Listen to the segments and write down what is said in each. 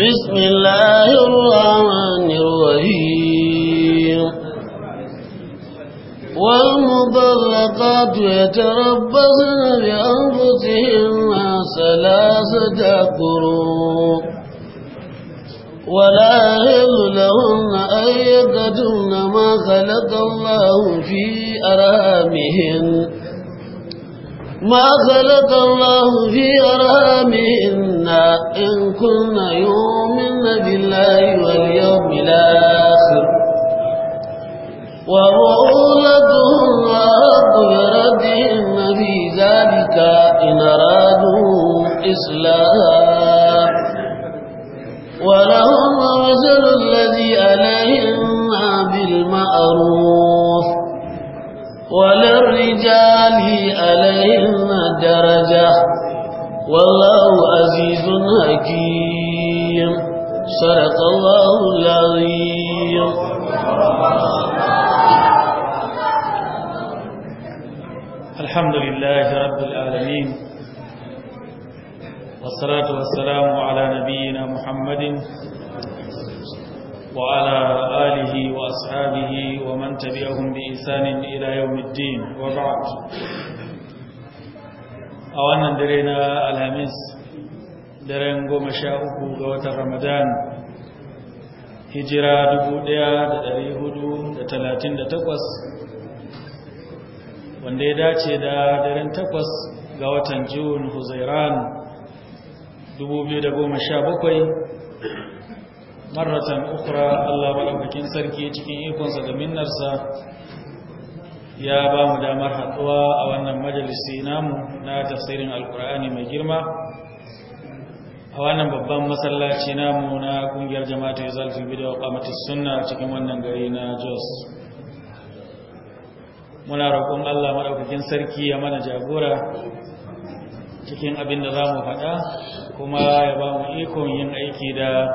بسم الله الرحمن الرحيم والمطلقات يتربصن بأنفسهن ثلاثة قرون ولا يهل لهن أن يكتمن ما خلق الله في أرامهن ما خلق الله في أرامنا إن كنا يؤمن بالله واليوم الآخر وبعولتهن الله بردهم في ذلك إن أرادوا إصلاحا ولهم مثل الذي عليهم بالمعروف وللرجال عليهم درجة والله عزيز حكيم صدق الله العظيم الحمد لله رب العالمين والصلاة والسلام على نبينا محمد وعلى آله وأصحابه ومن تبعهم بإنسان إلى يوم الدين وبعد أولا درينا الهمس درين قوم شاءه قوة رمضان هجرة دبوديا دري هدو دتلاتين دتقوس wanda ya dace da daren takwas ga watan Jun Huzairan 2017 maratan ukura Allah maɗaukakin sarki cikin ikonsa da minnarsa ya ba mu damar haɗuwa a wannan majalisi namu na tafsirin alkur'ani mai girma a wannan babban masallaci namu na ƙungiyar jama'ata ya zalfi bidiyo ƙamatis sunna cikin wannan gari na jos muna roƙon Allah maɗaukakin sarki ya mana jagora cikin abin da za mu faɗa kuma ya ba mu ikon yin aiki da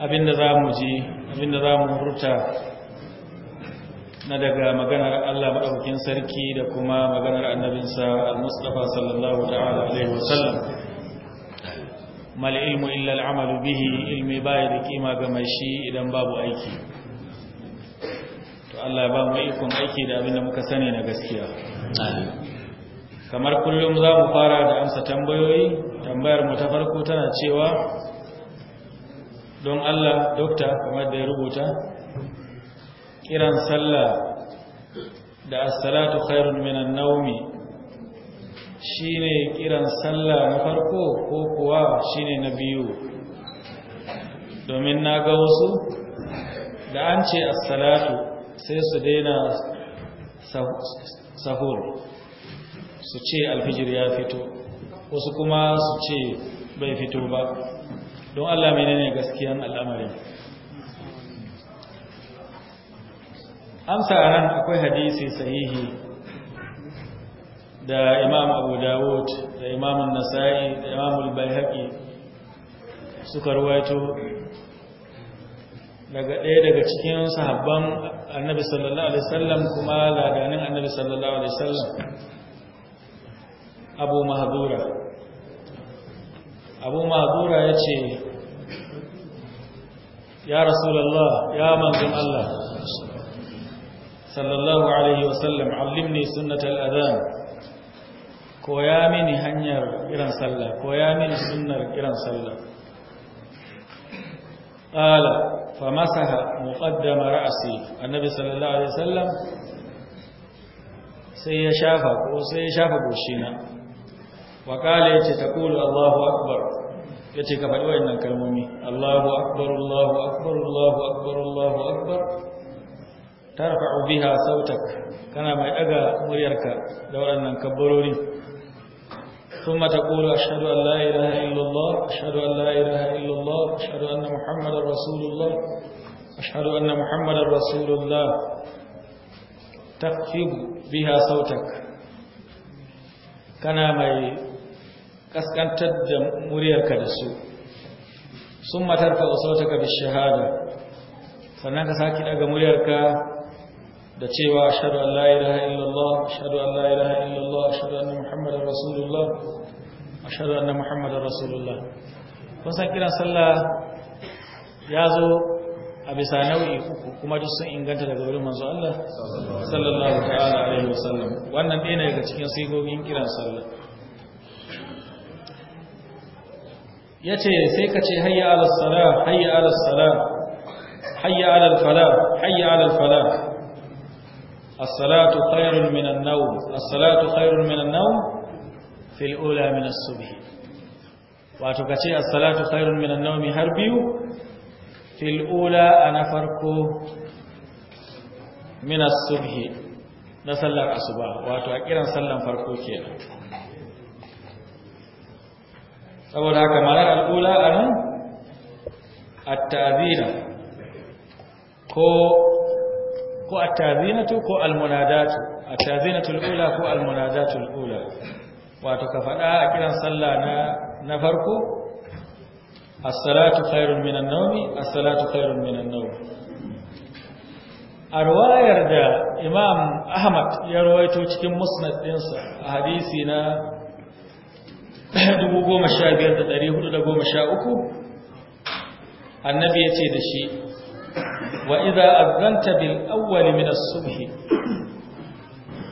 abinda za mu ji abinda za mu hurta na daga maganar Allah maɗaukin sarki da kuma maganar annabinsa al-mustafa sallallahu ta'ala alaihi wasallam mal ilmu illa al'amalu bihi ilmi baya da kima ga mai shi idan babu aiki to Allah ba mu ikon aiki da abinda muka sani na gaskiya kamar kullum za mu fara da amsa tambayoyi tambayar mu ta farko tana cewa don Allah dokta kamar da ya rubuta kiran sallah da as-salatu khairun minan naumi shine kiran sallah na farko ko kuwa shine na biyu domin na ga wasu da an ce as sai su daina sahur su ce alfijir ya fito wasu kuma su ce bai fito ba don Allah mai ne gaskiyan al’amari amsa a akwai hadisi sahihi da imam abu dawud da imam nasa'i da imam al-bayhaqi suka ruwaito daga ɗaya daga cikin sahabban annabi sallallahu alaihi wasallam kuma ladanin annabi sallallahu alaihi wasallam abu mahdura abu mahdura ce. ya rasulallah ya manzon Allah sallallahu alaihi wasallam allimni sunnatal adhan koya mini hanyar kiran sallah koya mini sunnar kiran sallah Ƙala, qala famasaha muqaddama ra'asi. annabi sallallahu alaihi wasallam sai ya shafa ko sai ya shafa goshina wa qala yace taqulu allahu akbar ya ce ka faɗi wayannan kalmomi Allahu akbar Allahu akbar Allahu akbar Allahu akbar tarfa'u biha sautak kana mai daga muryarka da waɗannan kabbarori ثم kula أشهد an لا إله إلا الله أشهد أن لا إله إلا الله أشهد أن محمد رسول الله أشهد أن محمد رسول الله kaskantar da muryarka da su sun matarka usautaka bi shahada sannan ka saki daga muryarka da cewa ashhadu an la ilaha illallah ashhadu an la ilaha illallah ashhadu anna muhammadar rasulullah ashhadu anna muhammadar rasulullah kun san kiran sallah ya zo a bisa nau'i uku kuma duk sun inganta daga wurin manzo Allah sallallahu ta'ala alaihi wasallam wannan ɗaya ne daga cikin sigogin kiran sallah ya ce sai ka ce hayya ala sala hayya ala sala hayya ala fala hayya ala fala as-salatu khairun min an-nawm as-salatu khairun min an-nawm fil ula min as-subh wato ka ce as-salatu khairun min an-nawm har biyu fil ula ana farko min as-subh na sallar asuba wato a kiran sallan farko kenan saboda haka ma'anar al'ula a nan attazina ko attazinatu ko almunadatu attazinatul ula ko almunadatul ula wato ka faɗa a kiran sallah na farko as-salatu khairun minan nawmi as-salatu khairun minan A ruwayar da imam ahmad ya ruwaito cikin musnad ɗinsa a hadisi na uku, annabi ya ce da shi wa iza azanta bil awwal min as-subh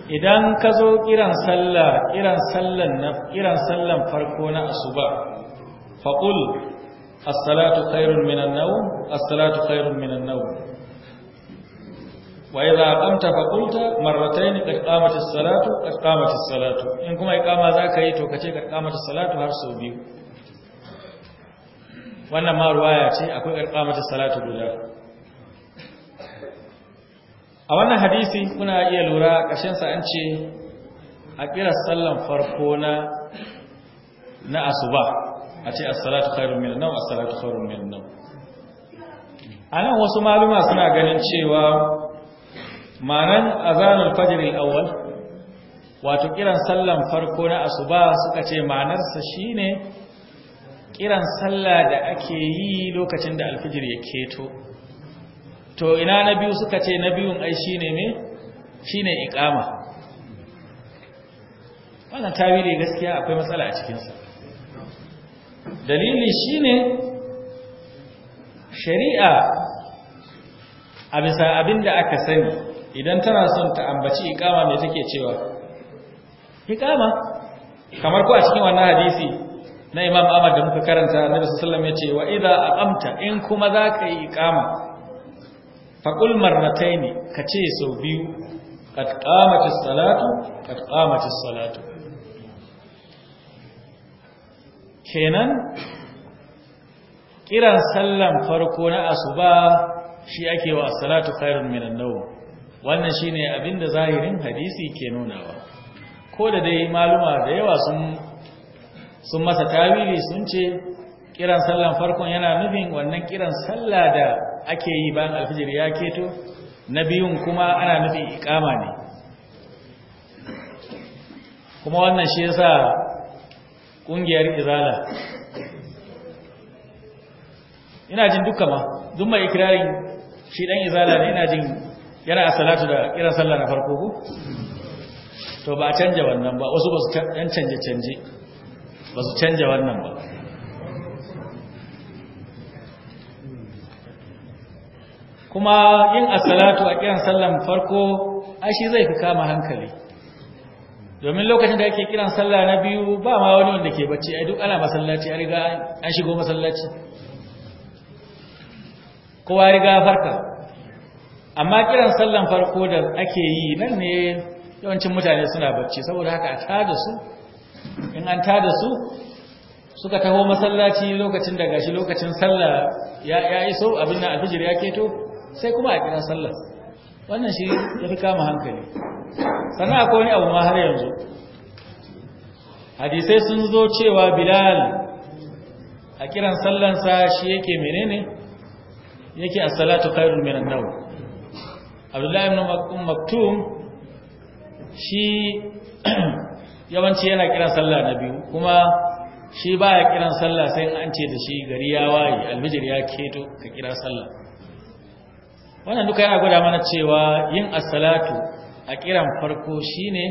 idan ka zo kiran sallah kiran sallan na kiran sallan farko na asuba faqul as-salatu khairun min an-nawm as-salatu khairun min an-nawm وإذا قمت فقلت مرتين قد قامت الصلاة قد قامت الصلاة إن كما إقامة ذاك يتو كتي قد قامت الصلاة هرسو بيو وأن ما رواية أكو قد قامت الصلاة بلا a wannan hadisi kuna iya lura ƙashinsa an ce a ƙirar sallan farko na na asuba a ce assalatu khairun min nau assalatu khairun min nau a nan wasu maluma suna ganin cewa ma'anan azanul fajr al wato kiran sallan farko na asuba suka ce ma'anarsa shine kiran sallah da ake yi lokacin da alfijir ya keto to ina na biyu suka ce na biyun ai shine me shine iqama wannan tawili gaskiya akwai matsala a cikin sa dalili shine shari'a a bisa abinda aka sani idan tana son ta ambaci ikama me take cewa ikama kamar ko a cikin wannan hadisi na Imam Ahmad da muka karanta na bisu sallam ya yace wa a amta, in kuma za ka yi ikama fa qul marrataini ka ce sau biyu qad qamatis salatu qad qamatis salatu kenan kiran sallan farko na asuba shi ake wa salatu khairun minan nawm wannan shine abinda zahirin hadisi ke nunawa ko da dai maluma da yawa sun sun masa tawili sun ce kiran sallan farkon yana nufin wannan kiran sallah da ake yi bayan alfijir ya keto na biyun kuma ana nufin ikama ne kuma wannan shi yasa kungiyar izala ina jin duka ma duk mai ikirarin shi dan izala ne ina jin yana salatu da kira sallah na farko ku to ba a canja wannan ba wasu ba su dan canje canje ba su canja wannan ba kuma yin asalatu a kiran sallan farko ai shi zai fi kama hankali domin lokacin da ake kiran sallah na biyu ba ma wani wanda ke bacci ai duk ana masallaci a riga an shigo masallaci kowa riga farka amma kiran sallan farko da ake yi nan ne yawancin mutane suna bacci saboda haka a tada su in an tada su suka taho masallaci lokacin da gashi lokacin sallah ya iso abin nan alfijir ya keto sai kuma a kiran sallah wannan shi ya fi kama hankali sannan akwai wani abu ma har yanzu hadisai sun zo cewa bilal a kiran sallansa shi yake menene yake as-salatu khairun minan nawm abdullahi ibn maktum shi yawanci yana kiran sallah na biyu kuma shi baya kiran sallah sai an ce da shi gari ya waye almijir ya keto ka kira sallah wannan duka yana gwada mana cewa yin as a kiran farko shine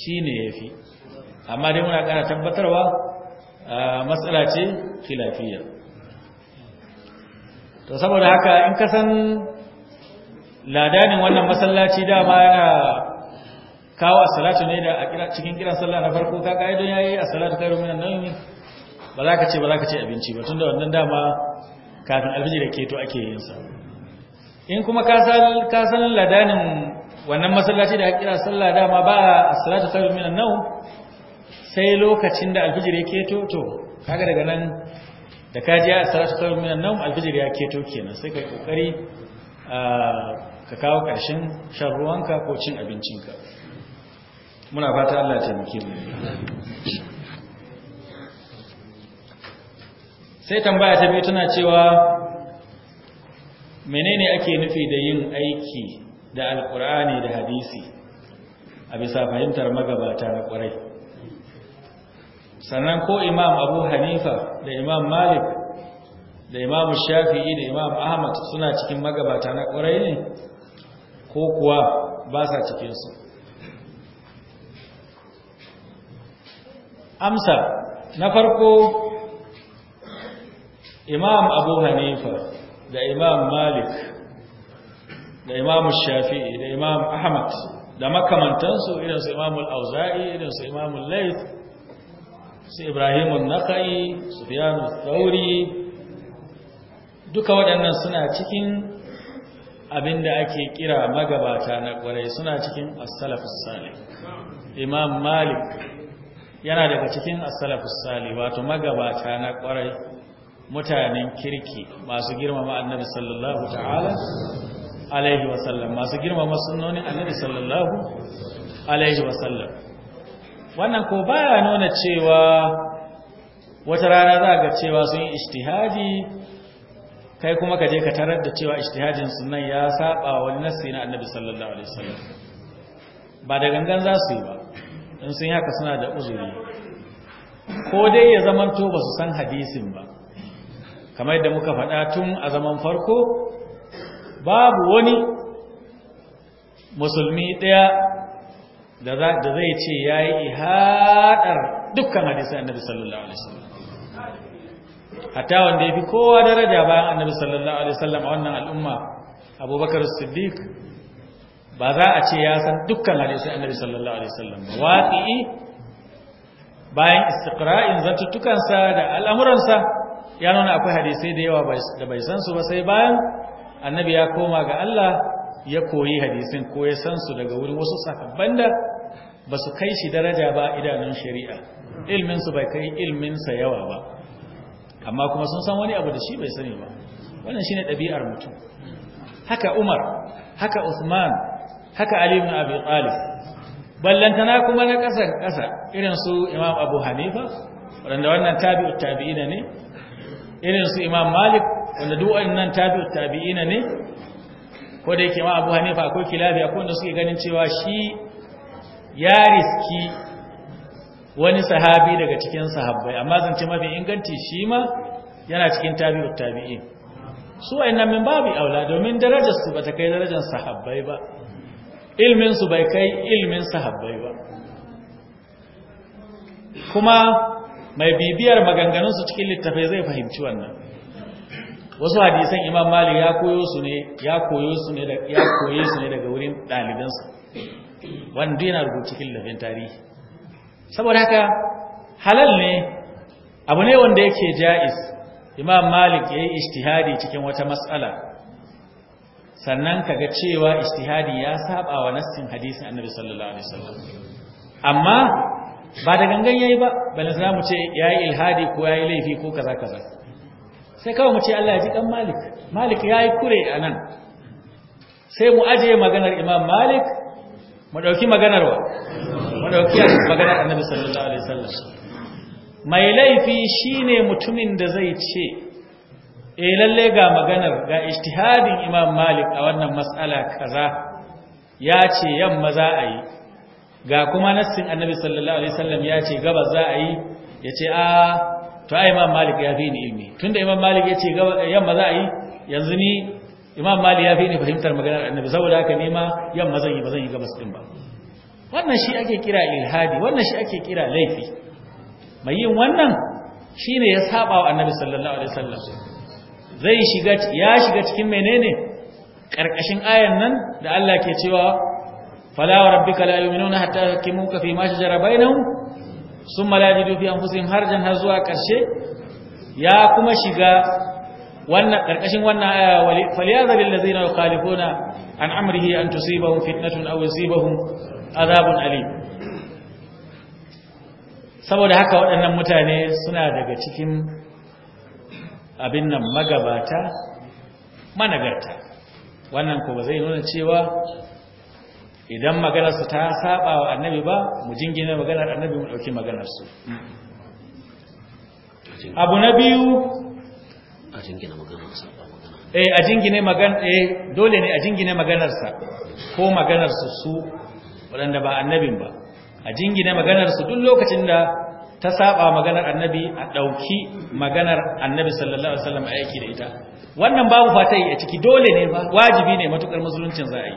shine yafi amma dai muna kara tabbatarwa matsala ce filafiya. to saboda haka in ka san ladanin wannan masallaci dama yana kawo asalatu ne da a cikin kiran sallah na farko ka ka'idon yayi asalatu khairu minan nawmi ba za ka ce ba za ka ce abinci ba tunda wannan dama kafin alfijir da keto ake yin sa in kuma ka san ka san ladanin wannan masallaci da kira sallah dama ba a salatu khairu minan nawm sai lokacin da alfijir ya keto to kaga daga nan da ka ji a salatu khairu minan nan alfijir ya keto kenan sai ka kokari ka kawo ƙarshen shan ruwanka ko cin abincinka muna fata Allah taimake mu sai tambaya ta biyu tana cewa menene ake nufi da yin aiki da alkur'ani da hadisi a bisa fahimtar magabata na kwarai sannan ko imam abu hanifa da imam malik da imam shafi'i da imam ahmad suna cikin magabata na ƙwarai ne ko kuwa ba sa cikinsu amsa na farko imam abu hanifa da imam malik da imam shafi'i da imam ahmad da makamantansu irinsu imam al'auza'i irinsu imam su ibrahim al-nakai su fiye tsauri duka waɗannan suna cikin abinda ake kira magabata na kwarai suna cikin as-salafus salih imam malik yana daga cikin as-salafus salih wato magabata na kwarai mutanen kirki masu girmama annabi sallallahu ta'ala alaihi wasallam masu girmama sunnonin annabi sallallahu alaihi wasallam wannan ko baya nuna cewa wata rana za ga cewa sun yi ijtihadi kai kuma ka je ka tarar da cewa ijtihadin sunan ya saba wa nassi na annabi sallallahu alaihi wasallam ba da gangan za su yi ba in sun haka suna da uzuri ko dai ya zamanto ba su san hadisin ba kamar yadda muka faɗa tun a zaman farko babu wani musulmi ɗaya da zai ce ya yi ihaɗar dukkan hadisi annabi sallallahu alaihi wasallam hatta wanda ya fi kowa daraja bayan annabi sallallahu alaihi wasallam a wannan al'umma abubakar siddiq ba za a ce ya san dukkan hadisi annabi sallallahu alaihi wasallam ba waqi'i bayan istiqra'in sa da al'amuransa ya nuna akwai hadisai da yawa da bai san su ba sai bayan annabi ya koma ga Allah ya koyi hadisin ko ya san su daga wurin wasu sahabban da ba su kai shi daraja ba idanun shari'a ilmin su bai kai ilmin sa yawa ba amma kuma sun san wani abu da shi bai sani ba wannan shine ɗabi'ar mutum haka Umar haka Uthman haka Ali ibn Abi Talib ballantana kuma na ƙasa ƙasa irin su Imam Abu Hanifa wanda wannan tabi'ut tabi'ina ne irin su Imam Malik wanda duk wannan tabi'ut tabi'ina ne ko da yake ma Abu Hanifa akwai kilafi akwai wanda suke ganin cewa shi ya riski wani sahabi daga cikin sahabbai amma zance mafi inganci shi ma yana cikin tabi'ut tabi'in su wayannan min babu aula domin darajar su bata kai darajar sahabbai ba ilmin su bai kai ilmin sahabbai ba kuma mai bibiyar maganganun su cikin littafai zai fahimci wannan wasu hadisan imam malik ya koyo su ne ya koyo su ne da ya koye su ne daga wurin dalibansa wanda yana rubuta cikin littafin tarihi saboda haka halal ne abu ne wanda yake ja'is imam malik yayi yi cikin wata matsala sannan kaga cewa ishtihadi ya saba wa nassin hadisin annabi sallallahu alaihi wasallam amma ba da gangan yayi ba balan za mu ce yayi ilhadi ko yayi laifi ko kaza kaza sai kawai mu ce Allah ya ji dan malik malik yayi kure anan sai mu aje maganar imam malik mu dauki maganar wa ɗauki maganar annabi sallallahu alaihi wasallam mai laifi shine mutumin da zai ce eh lalle ga maganar ga ijtihadin imam malik a wannan mas'ala kaza ya ce yamma za a yi ga kuma nassin annabi sallallahu alaihi wasallam ya ce gaba za a yi ya ce a to ai imam malik ya fi ni ilmi tunda imam malik ya ce yamma za a yi yanzu ni imam malik ya fi ni fahimtar maganar annabi saboda haka nema yamma zan yi ba zan yi gabas din ba wannan shi ake kira ilhadi wannan shi ake kira laifi mai yin wannan shi ne ya saba wa annabi sallallahu alaihi wasallam zai shiga ya shiga cikin menene ƙarƙashin ayan nan da Allah ke cewa fala wa rabbika la yu'minuna hatta yakimuka fi ma shajara bainahum summa la yajidu fi anfusihim harjan har zuwa karshe ya kuma shiga wannan karkashin wannan aya faliyadhal ladzina yukhalifuna an amrihi an tusibahum fitnatun aw yusibahum azabun Ali, saboda haka waɗannan mutane suna daga cikin abin nan magabata managarta wannan ko ba zai nuna cewa idan maganarsu ta saba wa annabi ba mu jingina maganar annabi mu ɗauki maganarsu abu na biyu a jingina maganarsa eh a jingine eh dole ne a jingine maganarsa ko maganarsu su waɗanda ba annabin ba a jingina maganarsu duk lokacin da ta saba maganar annabi a ɗauki maganar annabi sallallahu alaihi wasallam yake da ita wannan babu fata yi a ciki dole ne ba wajibi ne matukar musuluncin za a yi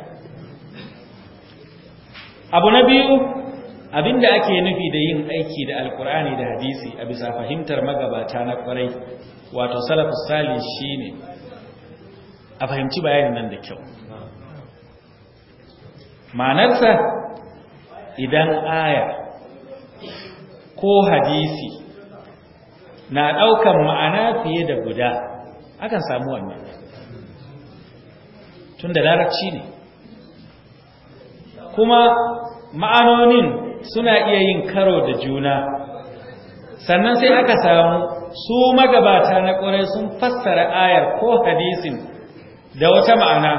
abu na biyu abinda ake nufi da yin aiki da alkur'ani da hadisi a bisa fahimtar magabata na kwarai wato salafus salih shine a fahimci bayanin nan da kyau ma'anarsa idan aya ko hadisi na ɗaukan ma'ana fiye da guda akan samu wannan tun da larabci ne kuma ma'anonin suna iya yin karo da juna sannan sai aka samu su magabata na ƙorai sun fassara ayar ko hadisin da wata ma'ana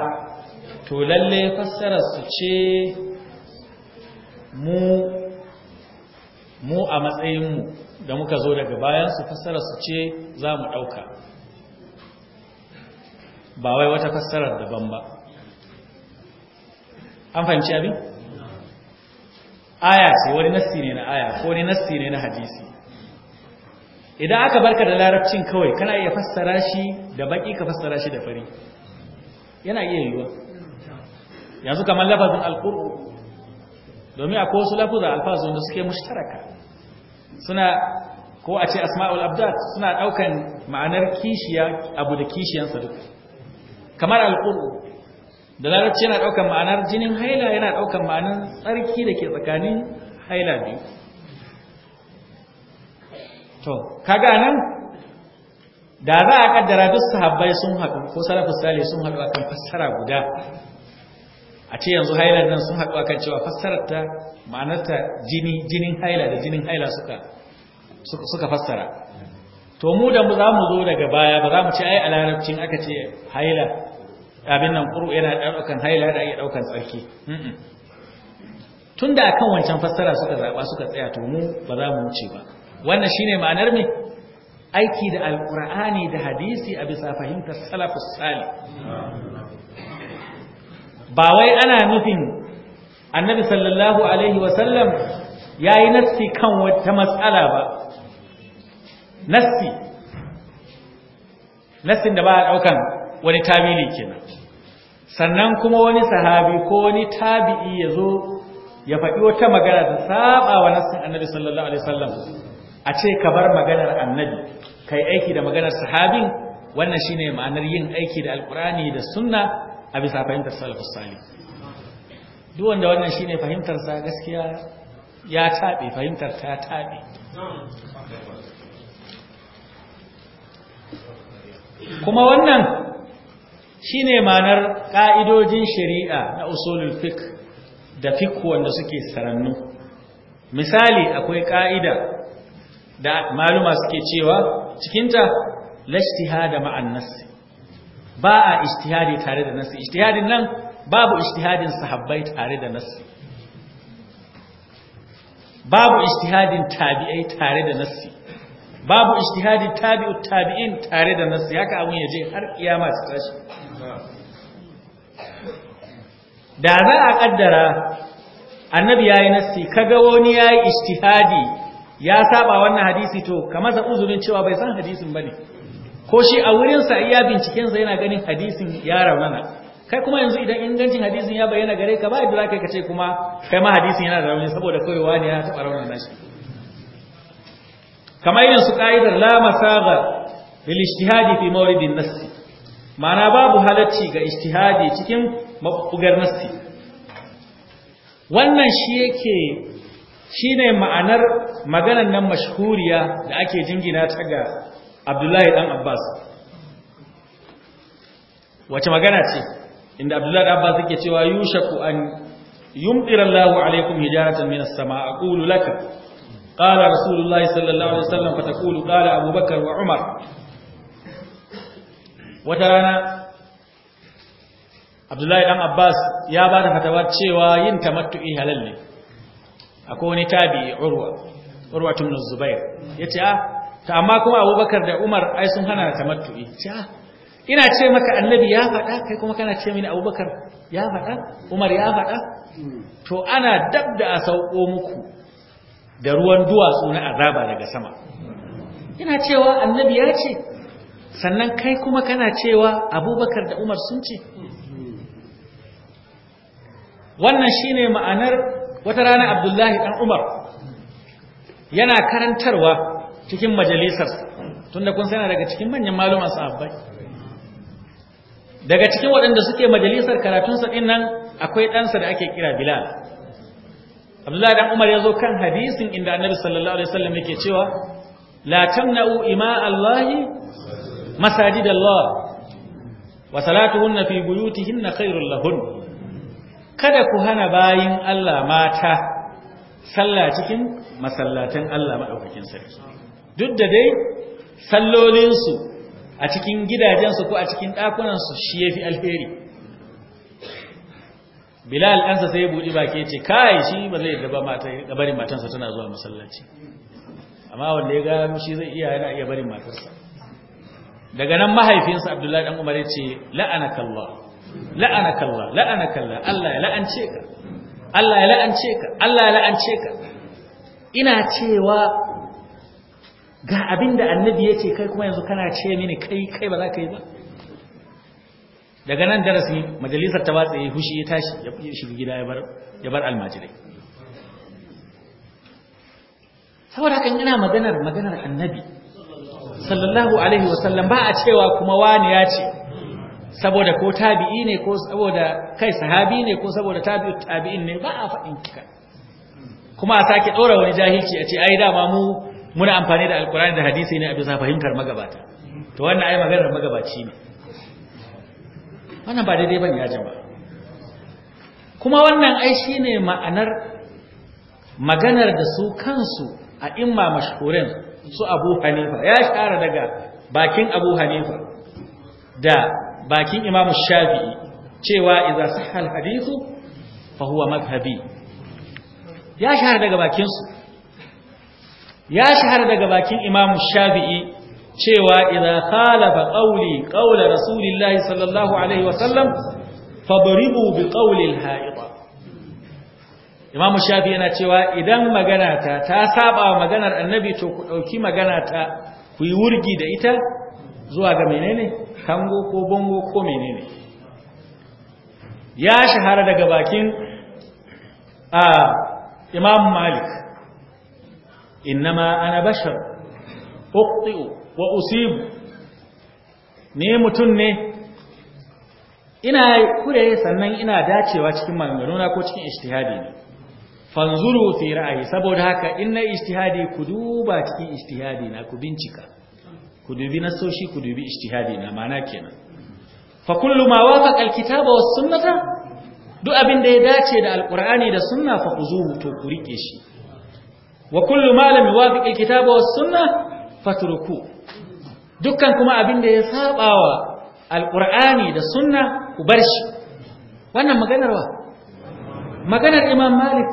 to lalle fassararsu ce mu mu a matsayinmu da muka zo daga bayan su fassara su ce za mu ɗauka ba wai wata fassarar daban ba an fahimci abin? aya ce wani nassi ne na aya ko wani nassi ne na hadisi idan aka barka da larabcin kawai kana iya fassara shi da baki ka fassara shi da fari yana iya yiwuwa yanzu kamar lafazin alƙur'u domin akwai wasu lafuza alfazu da suke mushtaraka suna ko a ce asma'ul abdat suna daukan ma'anar kishiya abu da kishiyansa duka kamar alqur'u da larabci yana daukan ma'anar jinin haila yana daukan ma'anar tsarki da ke tsakanin haila biyu to kaga nan da za a kaddara duk sahabbai sun haɗu ko salafus salih sun haɗu akan fassara guda a ce yanzu haila nan sun haɗu akan cewa fassarar ta ma'anarta jini jinin haila da jinin haila suka suka fassara to mu da mu za mu zo daga baya ba za mu ce ai a larabcin aka ce haila abin nan ƙuru yana ɗaukan haila da iya ɗaukan tsarki tun da akan wancan fassara suka zaɓa suka tsaya to mu ba za mu wuce ba wannan shine ma'anar me aiki da alƙur'ani da hadisi a bisa fahimtar salafus salih ba wai ana nufin annabi sallallahu alaihi wasallam ya yi nassi kan wata matsala ba nassi nassin da ba a ɗaukan wani tabili kenan sannan kuma wani sahabi ko wani tabi'i ya zo ya faɗi wata magana ta saba wa nassin annabi sallallahu alaihi wasallam a ce ka bar maganar annabi kai aiki da maganar sahabin wannan shine ma'anar yin aiki da alkurani da sunna a bisa fahimtar salafus salih duk wanda wannan shine fahimtar sa gaskiya ya tabe fahimtar ta tabe kuma wannan shine manar ka'idojin shari'a na usulul fiqh da fiqh wanda suke sarannu misali akwai ka'ida da maluma suke cewa cikinta lashtihada ma'an nassi ba a ishtihadi tare da nasi ijtihadin nan babu ishtihadin sahabbai tare da nasi babu ishtihadin tabi'ai tare da nasi babu ijtihadin tabi'u tabi'in tare da nasi haka abun yaje har kiyama ta tashi da za a kaddara annabi yayi nasi kaga wani yayi ijtihadi ya saba wannan hadisi to kamar da uzurin cewa bai san hadisin bane ko shi a wurinsa iya bincikensa yana ganin hadisin ya raunana kai kuma yanzu idan ingancin hadisin ya bayyana gare ka ba kai zaka ce kuma kai ma hadisin yana da rauni saboda kai wani ya taɓa raunin nashi kamar irin su ka'idar la masaga lil ijtihadi fi mawridin nass ma'ana babu halacci ga ijtihadi cikin mabugar nass wannan shi yake shine ma'anar maganar nan mashhuriya da ake jingina ta ga abdullahi dan abbas wace magana ce inda abdullahi dan abbas yake cewa yushaku an yumdira Allahu alaikum hijaratan minas sama aqulu laka qala rasulullahi sallallahu alaihi wasallam fa taqulu qala abubakar wa umar wata rana abdullahi dan abbas ya ba da fatawa cewa yin tamattu'i halal ne akwai wani tabi urwa urwa tun zubair yace ah to amma kuma abubakar da umar ai sun hana tamattu'i ah, ina ce maka annabi ya faɗa kai kuma kana ce mini abubakar ya faɗa umar ya faɗa to ana dabda da a sauko muku da ruwan duwatsu na azaba daga sama ina cewa annabi ya ce sannan kai kuma kana cewa abubakar da umar sun ce wannan shine ma'anar wata rana abdullahi Ɗan umar yana karantarwa cikin majalisar tunda kun sana daga cikin manyan maluman sahabbai daga cikin waɗanda suke majalisar karatunsa ɗin nan akwai ɗansa da ake kira bilal abdullahi dan umar ya zo kan hadisin inda annabi sallallahu alaihi wasallam yake cewa la tamna'u ima allahi masajid allah wa salatuhunna fi buyutihinna khairul lahun kada ku hana bayin Allah mata sallah cikin masallatan Allah madaukakin sarki duk da dai sallolinsu a cikin gidajensu ko a cikin ɗakunansu shi ya fi alheri bilal ɗansa sai ya buɗi ke ce kai shi ba zai da barin matansa tana zuwa masallaci amma wanda ya gara shi zai iya yana iya barin matarsa daga nan mahaifinsa abdullahi dan umar ya ce la'anaka allah la'anaka allah la'anaka kalla. allah ya la'ance ka allah ya la'ance ka allah ya la'ance ka ina cewa ga abin da annabi ya ce kai kuma yanzu kana ce mini kai kai ba za ka yi ba daga nan darasi majalisar ta watsa ya fushi ya tashi ya shiga gida ya bar almajirai saboda hakan yana maganar maganar annabi sallallahu alaihi wasallam ba a cewa kuma wani ya ce saboda ko tabi'i ne ko saboda kai sahabi ne ko saboda tabi'in ne ba a faɗin kika kuma a sake ɗora wani jahilci a ce ai dama mu muna amfani da alkurani da hadisi ne a bisa fahimtar magabata to wannan ayi maganar magabaci ne wannan ba daidai bane ya jama kuma wannan ai shine ma'anar maganar da su kansu a imma mashhurin su Abu Hanifa ya shara daga bakin Abu Hanifa da bakin Imam Shafi'i cewa idza sahha al-hadithu fa huwa madhhabi ya shara daga bakin su ya shahara daga bakin imam shafi'i cewa idza khalafa qawli qawla rasulillahi sallallahu alaihi wasallam fadribu bi qawli imam shafi'i yana cewa idan magana ta ta saba maganar annabi to ku dauki magana ta ku yi wurgi da ita zuwa ga menene kango ko bango ko menene ya shahara daga bakin a imam malik innama ana bashar uqti'u wa usibu ne mutum ne ina kure sannan ina dacewa cikin maganganuna ko cikin ijtihadi ne fanzuru fi ra'ayi saboda haka inna na ijtihadi ku duba cikin ijtihadi na ku bincika ku dubi nasoshi ku dubi ijtihadi na mana kenan fa kullu ma wafaqa alkitaba was sunnata duk abin da ya dace da alqur'ani da sunna fa khuzuhu to ku rike shi wa kullu ma lam yuwafiq alkitaba was sunnah fatruku dukkan kuma abin da ya sabawa alqur'ani da sunna ku bar shi wannan maganar wa maganar imam malik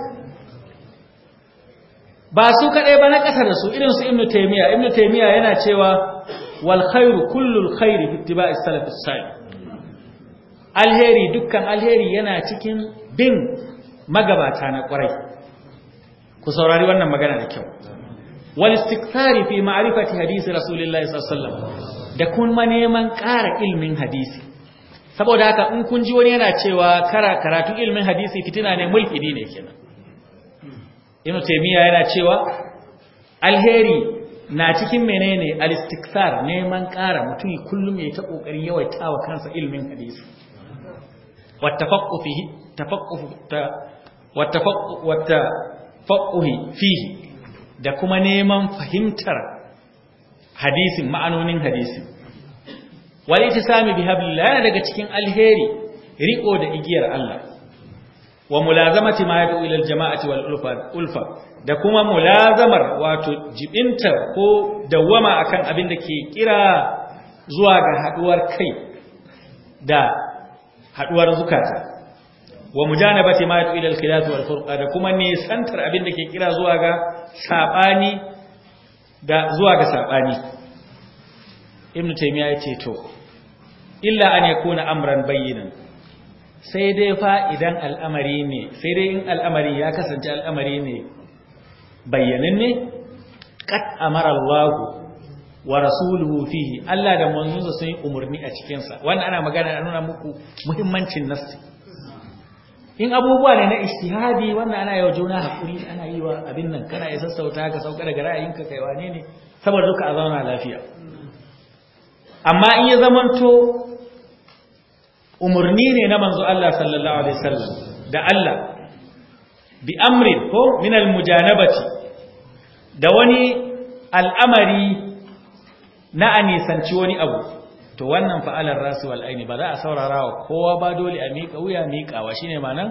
ba su kadai ba na kasar su irin su ibnu taymiya ibnu taymiya yana cewa wal khairu kullu al khairi fi ittiba'i salaf as alheri dukkan alheri yana cikin bin magabata na kwarai ku saurari wannan magana da kyau wal istikthari fi ma'rifati hadisi rasulullahi sallallahu alaihi wasallam da ma neman ƙara ilmin hadisi saboda haka in kun ji wani yana cewa kara karatu ilmin hadisi fitina ne mulkidi ne kenan ibn taymiya yana cewa alheri na cikin menene al-istikthar neman ƙara mutum kullum yayi ta kokari yawaitawa kansa ilmin hadisi tafaqqu fihi wa tafaqqu wa fa’uhi fihi da kuma neman fahimtar hadisin ma'anonin hadisin wal itisami bi hablillah yana daga cikin alheri riko da igiyar Allah wa mulazamati ma yadu ila aljama'ati wal ulfa da kuma mulazamar wato jibintar ko dawama akan abin da ke kira zuwa ga haduwar kai da haduwar zukata wa mujanabati ma yu'ila al-khilaf wal furqa da kuma ne santar abin da ke kira zuwa ga sabani da zuwa ga sabani ibn taymiya yace to illa an yakuna amran bayyinan sai dai fa idan al'amari ne sai dai in al'amari ya kasance al'amari ne Bayyananne, ne qad amara Allah wa rasuluhu fihi Allah da manzonsa sun yi umarni a cikin sa wannan ana magana ana nuna muku muhimmancin nasti in abubuwa ne na ijtihadi wannan ana yawa juna hakuri ana yi wa abin nan kana ya sassauta ka sauka daga ra'ayinka kai wane ne saboda duka a zauna lafiya amma in ya zamanto umarni ne na manzo Allah sallallahu alaihi wasallam da Allah bi amrin ko min almujanabati da wani al'amari na anisanci wani abu to wannan fa'alar rasu wal aini ba za a saurara wa kowa ba dole a miƙa wuya miƙawa shine ma'anar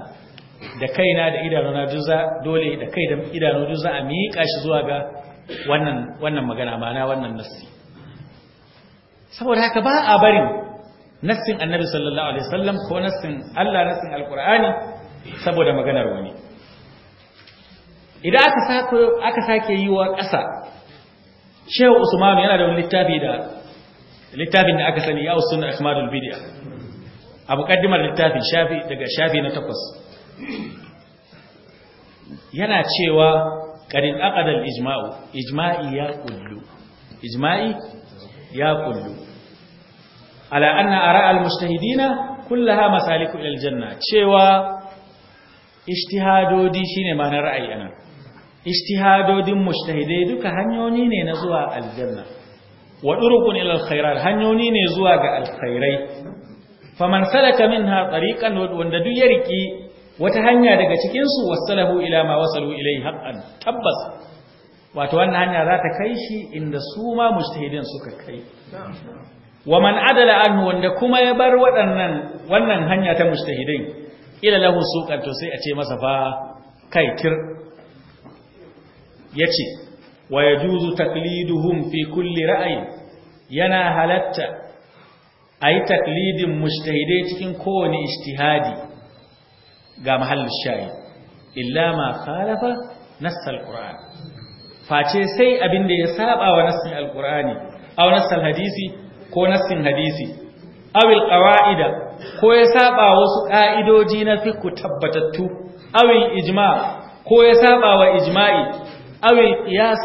da kaina da idanu na duza dole da kai da idanu duza a miƙa shi zuwa ga wannan wannan magana na wannan nassi saboda haka ba a barin nassin annabi sallallahu alaihi wasallam ko nassin Allah nassin alqur'ani saboda maganar wani idan aka sake aka sake yi wa ƙasa Shehu Usman yana da wani littafi da littafin da aka sani ya suna akmalul bid'a a muqaddimar littafi shafi daga shafi na takwas yana cewa qarin aqdal ijma'u ijma'i ya kullu ijma'i ya kullu ala anna ara'al mujtahidina kullaha masaliku ila aljanna cewa ijtihadodi shine ma'anar ra'ayi anan ijtihadodin mujtahidai duka hanyoyi ne na zuwa aljanna wa durukun ila hanyoyi ne zuwa ga alkhairai faman salaka minha tariqan wanda duk ya riki wata hanya daga cikinsu, wasalahu ila ma wasalu ilai haqqan tabbas wato wannan hanya za ta kai shi inda su ma suka kai wa man adala anhu wanda kuma ya bar waɗannan wannan hanya ta mujtahidin ila lahu suqan to sai a ce masa fa kai tir yace wa yajuzu taqliduhum fi kulli ra'ayin yana halatta a yi taklidin mustahidai cikin kowane istihadi ga mahallin shayi illa ma khalafa nassal qur'an face sai abin da ya saba wa nassin alqur'ani aw nassal hadisi ko nassin hadisi aw alqawaida ko ya saba wasu ka'idoji na fiqh tabbatattu aw ijma' ko ya saba wa ijma'i aw qiyas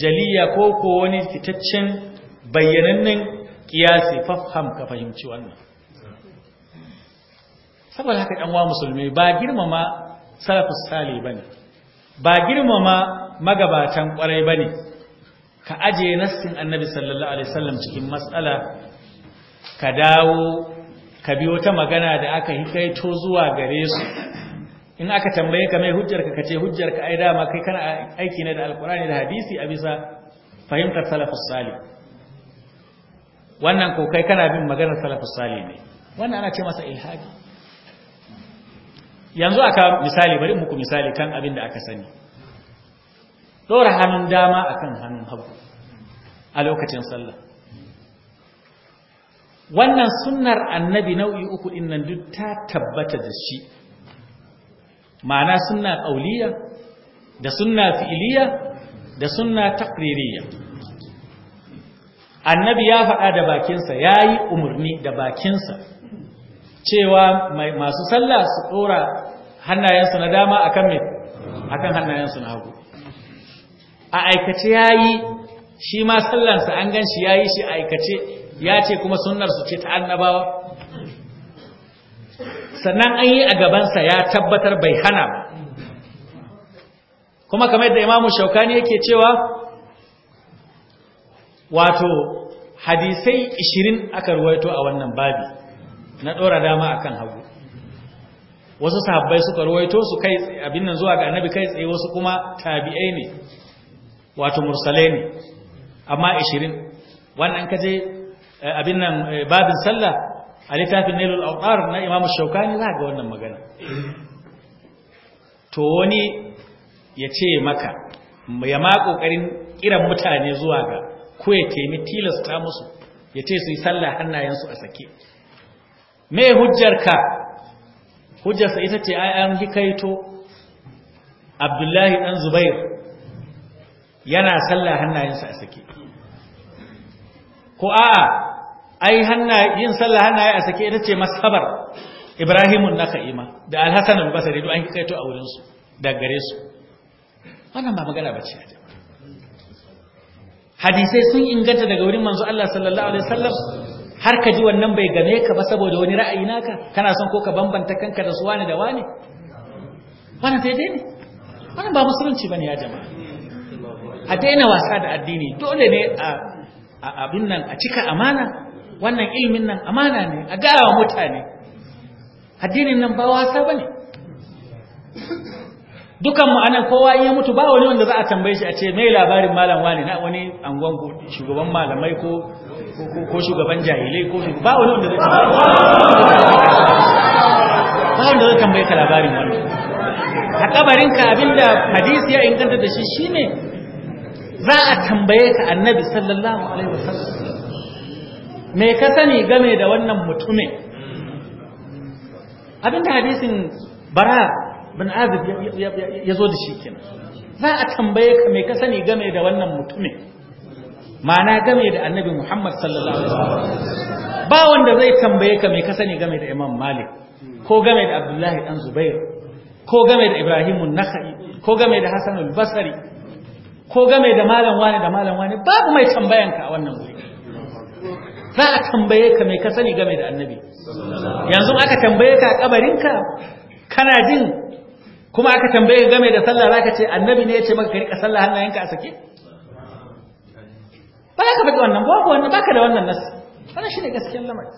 jaliya ko ko wani fitaccen bayyanannen kiyasi fafham ka fahimci wannan saboda haka ɗan wa musulmi ba girmama salafus sali bane ba girmama magabatan kwarai bane ka aje nassin annabi sallallahu alaihi wasallam cikin matsala ka dawo ka biyo ta magana da aka hikaito zuwa gare su in aka tambaye ka mai hujjarka kace hujjarka ai dama kai kana aiki ne da alkurani da hadisi a bisa fahimtar salafus salih wannan ko kai kana bin maganar salafus salih ne wannan ana ce masa ilhadi yanzu aka misali bari muku misali kan abin da aka sani dora hannun dama akan hannun hagu a lokacin sallah wannan sunnar annabi nau'i uku din nan duk ta tabbata da shi ma'ana sunna qauliyya da sunna fi'iliyya da sunna taqririyya annabi ya faɗa da bakinsa ya yi umarni da bakinsa cewa masu sallah su ɗora hannayensu na dama akan mai hannayensu na hagu a aikace ya yi shi ma sallansa an gan shi ya yi shi aikace ya ce kuma sunarsu ce ta annabawa sannan an yi a gabansa ya tabbatar bai hana ba kuma kamar yadda imamu shaukani yake cewa wato hadisai ishirin aka ruwaito a wannan babi na dora dama akan hagu wasu sahabbai suka ruwaito su kai abin nan zuwa ga annabi kai tsaye wasu kuma tabi'ai ne wato mursalai ne amma 20 wannan kaje eh, abin nan eh, babin sallah a littafin nailul awqar na imamu shaukani za ga wannan magana to wani ya ce maka ya ma kokarin kiran mutane zuwa ga ko ya taimi tilasta musu ya ce su yi sallah hannayensu a sake me hujjarka hujjarsa ita ce ai an hikaito abdullahi dan zubair yana sallah hannayensu a sake ko a'a ai yin sallah hannaye a sake ita ce masabar ibrahimun nakaima da alhassan albasari duk an hikaito a wurinsu da gare su wannan ba magana bace a jama'a hadisai sun inganta daga wurin manzo Allah sallallahu alaihi wasallam har ka ji wannan bai game ka ba saboda wani ra'ayi naka kana son ko ka bambanta kanka da su wani da wani sai dai ne wannan ba musulunci bane ya jama'a a daina wasa da addini dole ne a abin nan a cika amana wannan ilimin nan amana ne a gaya mutane addinin nan ba wasa bane dukan ma'ana anan kowa in ya mutu ba wani wanda za a tambaye shi a ce mai labarin malam wani na wani angon shugaban malamai ko ko shugaban jahilai ko ba wani wanda zai ba wanda zai tambaye ka labarin wani a ka abinda hadisi ya inganta da shi shine za a tambaye ka annabi sallallahu alaihi wasallam me ka sani game da wannan mutumin abinda hadisin bara bin azib ya zo da shi kenan za a tambaye ka me ka sani game da wannan mutumin ma'ana game da annabi muhammad sallallahu alaihi wasallam ba wanda zai tambaye ka me ka sani game da imam malik ko game da abdullahi dan zubair ko game da ibrahim an-nakhai ko game da hasan al-basri ko game da malam wani da malam wani babu mai tambayanka a wannan wuri za a tambaye ka me ka sani game da annabi yanzu aka tambaye ka a kabarinka kana jin kuma aka tambaye game da sallah zaka ce annabi ne ya ce maka ka rika sallah hannayenka a sake ba za ka faɗi wannan babu wannan baka da wannan nas shi ne gaskiyar lamari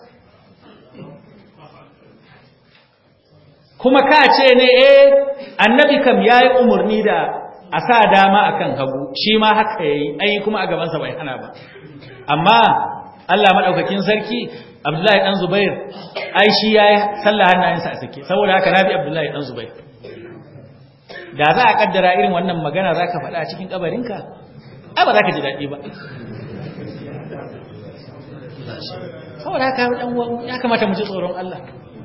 kuma ka ce ne eh annabi kam yayi umurni da a sa dama akan hagu shi ma haka yayi ai kuma a gaban sa bai hana ba amma Allah madaukakin sarki Abdullahi dan Zubair ai shi yayi sallah hannayensa a sake saboda haka nabi Abdullahi dan Zubair da za a kaddara irin wannan magana za ka faɗa a cikin kabarinka ai ba za ka ji daɗi ba saboda haka ya kamata mu ji tsoron Allah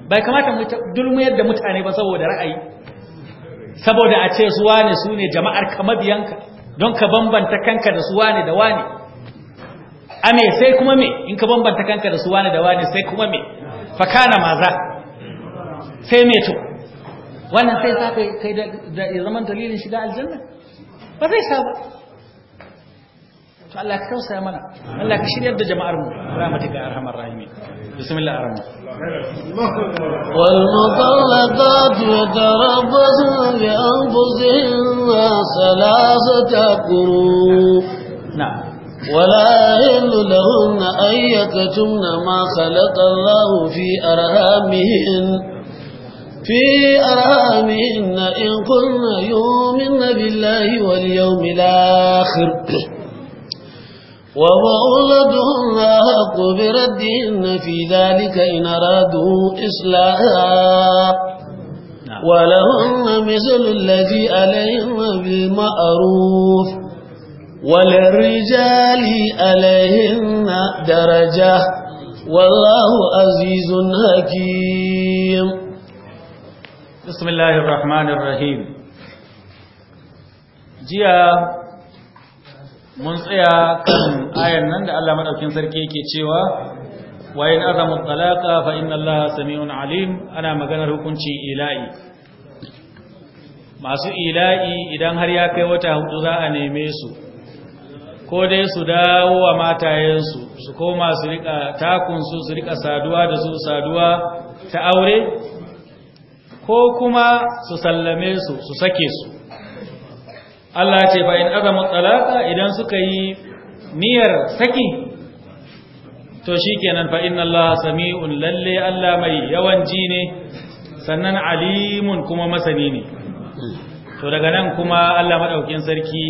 bai kamata mu dulmu da mutane ba saboda ra'ayi saboda a ce su wane su ne jama'ar ka mabiyanka don ka bambanta kanka da su wane da wane a me sai kuma me in ka bambanta kanka da su wane da wane sai kuma me fakana maza sai me to wannan sai sa kai da zaman dalilin shiga aljanna ba zai sa ba to Allah ka tausaya mana Allah ka shiryar da jama'ar mu rahmatika ya arhamar rahimin bismillah arhamar wal mutallaqat yatarabbasna bi anfusihinna salasata quru na'am ولا يحل لهن أن يكتمن ما خلق الله في أرهامهن في آمين إن قلنا يؤمن بالله واليوم الآخر وهو أولدهن أحق بردهن في ذلك إن أرادوا إصلاحا نعم. ولهن مثل الذي عليهم بالمعروف وللرجال عليهن درجة والله عزيز حكيم bismillahir rahmanir rahim jiya mun tsaya kan ayan nan da Allah madaukin sarki yake cewa wa in azamu talaqa fa inna allaha samiun alim ana maganar hukunci ila'i masu ila'i idan har ya kai wata hudu za a neme su ko dai su dawo wa matayensu su koma su rika takunsu su rika saduwa da su saduwa ta aure ko kuma su sallame su su sake su Allah ce fa in azamu talaka idan suka yi niyyar saki to shikenan fa inna Allah sami'un lalle Allah mai yawan ji ne sannan alimun kuma masani ne to daga nan kuma Allah madaukin sarki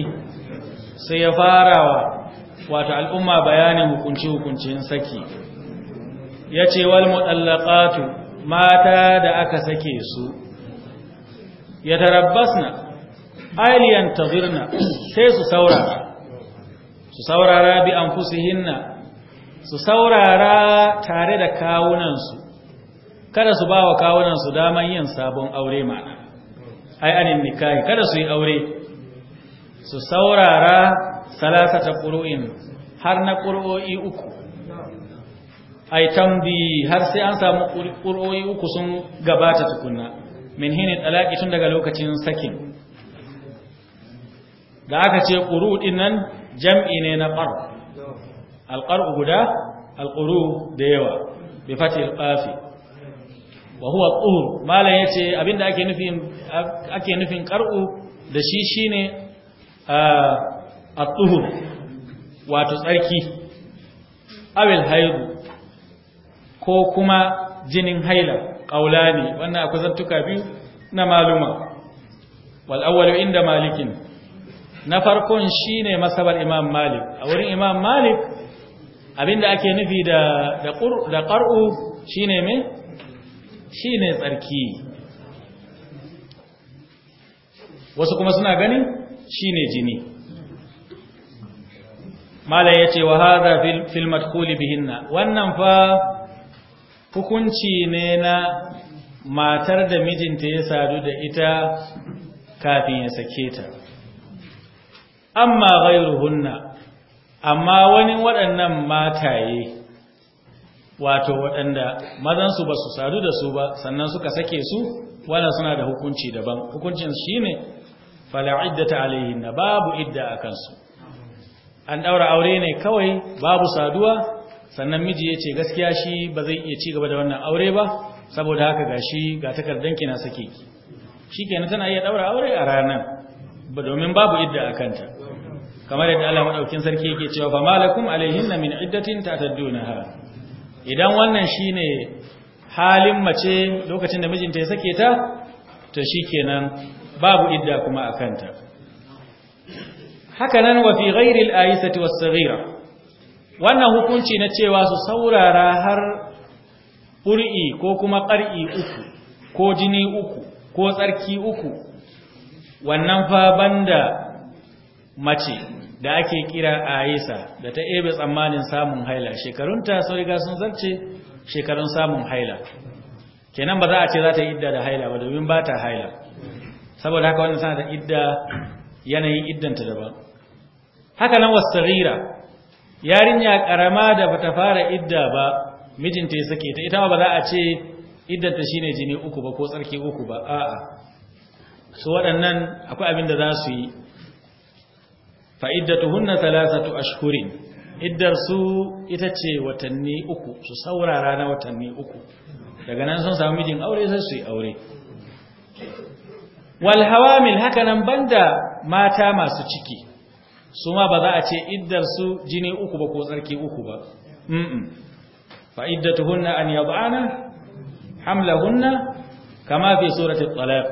sai ya farawa wato al'umma bayanin hukunci hukuncin saki yace wal mutallaqatu mata da aka sake su ya tarabbasna ayyan tazirna sai su saurara su saurara bi anfusihinna su saurara tare da kawunansu kada su ba wa kawunansu daman yin sabon aure ma. ai anin nikahi kada su yi aure su saurara ta qur'in har na qur'o'i uku ai tambi har sai an samu ƙuroyi uku sun gabata tukunna min hini talaki tun daga lokacin sakin da aka ce ƙuru ɗin nan jam'i ne na ƙar alƙar guda alƙuru da yawa bi fati alƙafi wa huwa ƙur malam ya ce abinda ake nufin ake nufin ƙar'u da shi shine a tsuhur wato tsarki awil haihu. ko kuma jinin haila ƙaulani wannan akwai zantuka biyu na maluma wal inda malikin na farkon shine masabar imam malik a wurin imam malik abinda ake nufi da da qar'u shine me shine tsarki wasu kuma suna ganin shine jini ya yace wa hadha fil madkhul bihinna wannan fa hukunci ne na matar da mijinta ya sadu da ita kafin ya sake ta amma ghairuhunna amma wani waɗannan mataye wato waɗanda mazansu ba su sadu da su ba sannan suka sake su wannan suna da hukunci daban hukuncin shi ne fala'iddata alaihinna babu idda a kansu an ɗaura aure ne kawai babu saduwa sannan miji ya ce gaskiya shi ba zai iya ci gaba da wannan aure ba saboda haka ga shi ga takardar ki na sake ki shi kenan tana iya daura aure a ranar ba domin babu idda a kanta kamar yadda Allah madaukin sarki yake cewa fa malakum alaihinna min iddatin tataddunaha idan wannan shine halin mace lokacin da mijinta ya sake ta to shikenan babu idda kuma a kanta haka nan wa fi ghairi al-aisati was-saghira wannan hukunci na cewa su saurara har ƙuri'i ko kuma ƙar'i uku ko jini uku ko tsarki uku wannan fa da mace da ake kira Aisha da ta ebe tsammanin samun haila shekarunta sun riga sun zarce shekarun samun haila kenan ba za a ce za ta yi idda da haila ba domin ba ta haila saboda haka wannan sana da idda yanayin iddanta daban haka nan wasarira yarinya karama da bata fara idda ba mijinta ya sake ta ita ma ba za a ce ta shine jini uku ba ko tsarki uku ba a'a su waɗannan akwai abin da za su yi fa iddatuhunna thalathatu ashhurin iddar su ita ce watanni uku su saurara na watanni uku daga nan sun samu mijin aure sai su yi aure wal hawamil hakanan banda mata masu ciki su ma ba za a ce iddar su jini uku ba ko tsarki uku ba fa iddatuhunna an yad'ana hamlahunna kama fi surati talaq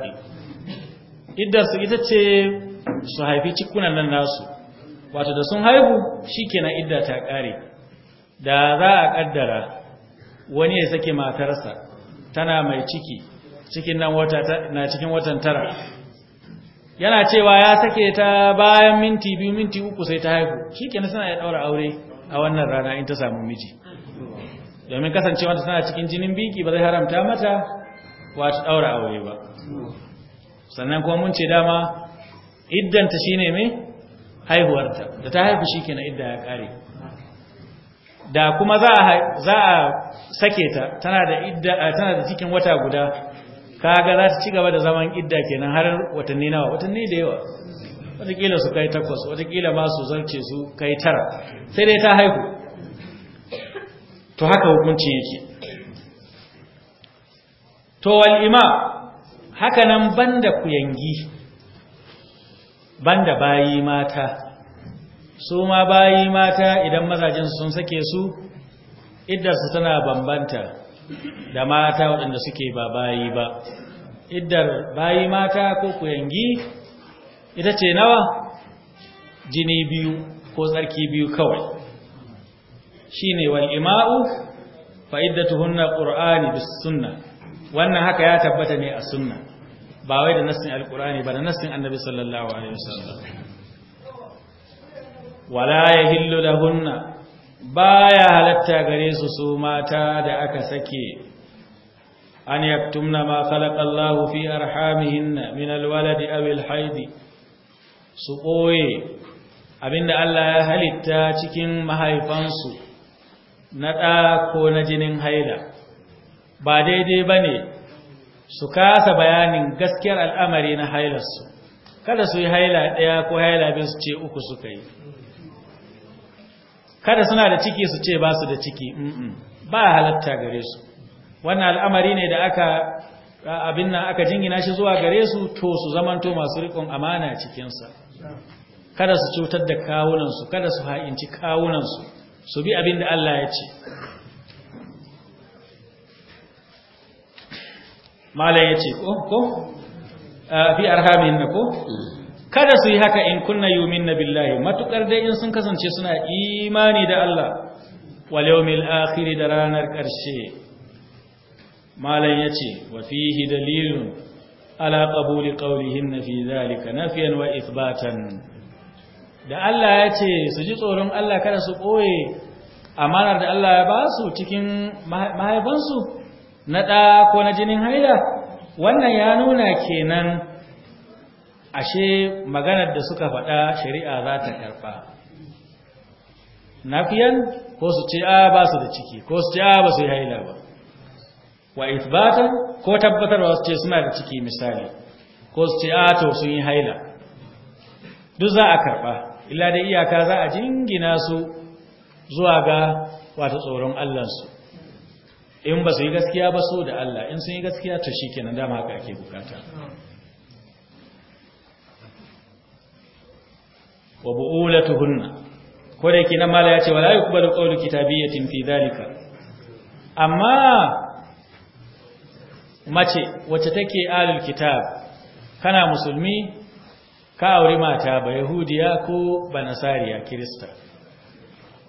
su ita ce su haifi cikunan nan nasu wato da sun haihu shi shikenan idda ta ƙare. da za a kaddara wani ya sake matarsa tana mai ciki cikin nan wata na cikin watan tara yana cewa ya sake ta bayan minti biyu minti uku sai ta haihu shi kenan suna ya daura aure a wannan rana in ta samu miji domin kasancewa ta tana cikin jinin biki ba zai haramta mata wata daura aure ba sannan kuma mun ce dama iddanta ne mai haihuwarta da ta haihu shi kenan idda ya ƙare da kuma za a sake ta tana da cikin wata guda kaga za su ci gaba da zaman idda kenan har watanni nawa watanni da yawa watakila su kai takwas watakila ma su zarce su kai tara sai dai ta haihu to haka hukunci yake to wal ima haka nan banda kuyangi banda bayi mata su ma bayi mata idan mazajen sun sake su iddarsu tana bambanta da mata waɗanda suke ba bayi ba Idar bayi mata ko kuyangi ita ce nawa jini biyu ko tsarki biyu kawai shine wal ima'u fa iddatuhunna qur'ani bis sunna wannan haka ya tabbata ne a sunna ba wai da nassin alqur'ani ba da nassin annabi sallallahu alaihi wasallam wala yahillu lahunna Ba ya halatta gare su su mata da aka sake an tumna ma khalaqa Allahu fi arhamihinna min alwaladi aw haidi su ɓoye abinda Allah ya halitta cikin mahaifansu na ɗa ko na jinin haila ba daidai bane su kasa bayanin gaskiyar al'amari na hailarsu kada su yi haila ɗaya ko haila bin su ce uku suka yi kada suna da ciki su ce ba su da ciki ba halatta gare su wannan al'amari ne da aka abin nan aka jingina shi zuwa gare su to su zamanto masu riƙon amana cikinsa kada su cutar da kawunansu kada su ha'inci kawunansu su bi abin da Allah ya ce malam ya ce ko ko fi arhamin na ko kada su yi haka in kunna yuminna billahi matukar dai in sun kasance suna imani da Allah wal yawmil da ranar karshe ya ce, wa fihi dalilun ala qabuli na fi dhalika nafiyan wa ithbatan da Allah yace su ji tsoron Allah kada su ɓoye amanar da Allah ya ba su cikin mahaifansu na ɗa ko na jinin haila wannan ya nuna kenan ashe maganar da suka faɗa shari'a za ta karɓa nafiyan ko su ce a ba su da ciki ko su ce a ba su yi haila ba wa ithbatan ko tabbatarwa su ce suna da ciki misali ko su ce a to sun yi haila duk za a karɓa illa da iyaka za a jingina su zuwa ga wata tsoron allansu in ba su yi gaskiya ba so da allah in sun yi gaskiya to shi kenan dama haka ake bukata wa bu'ulatuhunna ko da yake mala yace wala yuqbalu qawlu kitabiyatin fi dhalika amma mace wacce take alul kitab kana musulmi ka aure mata ba yahudiya ko ba nasariya kirista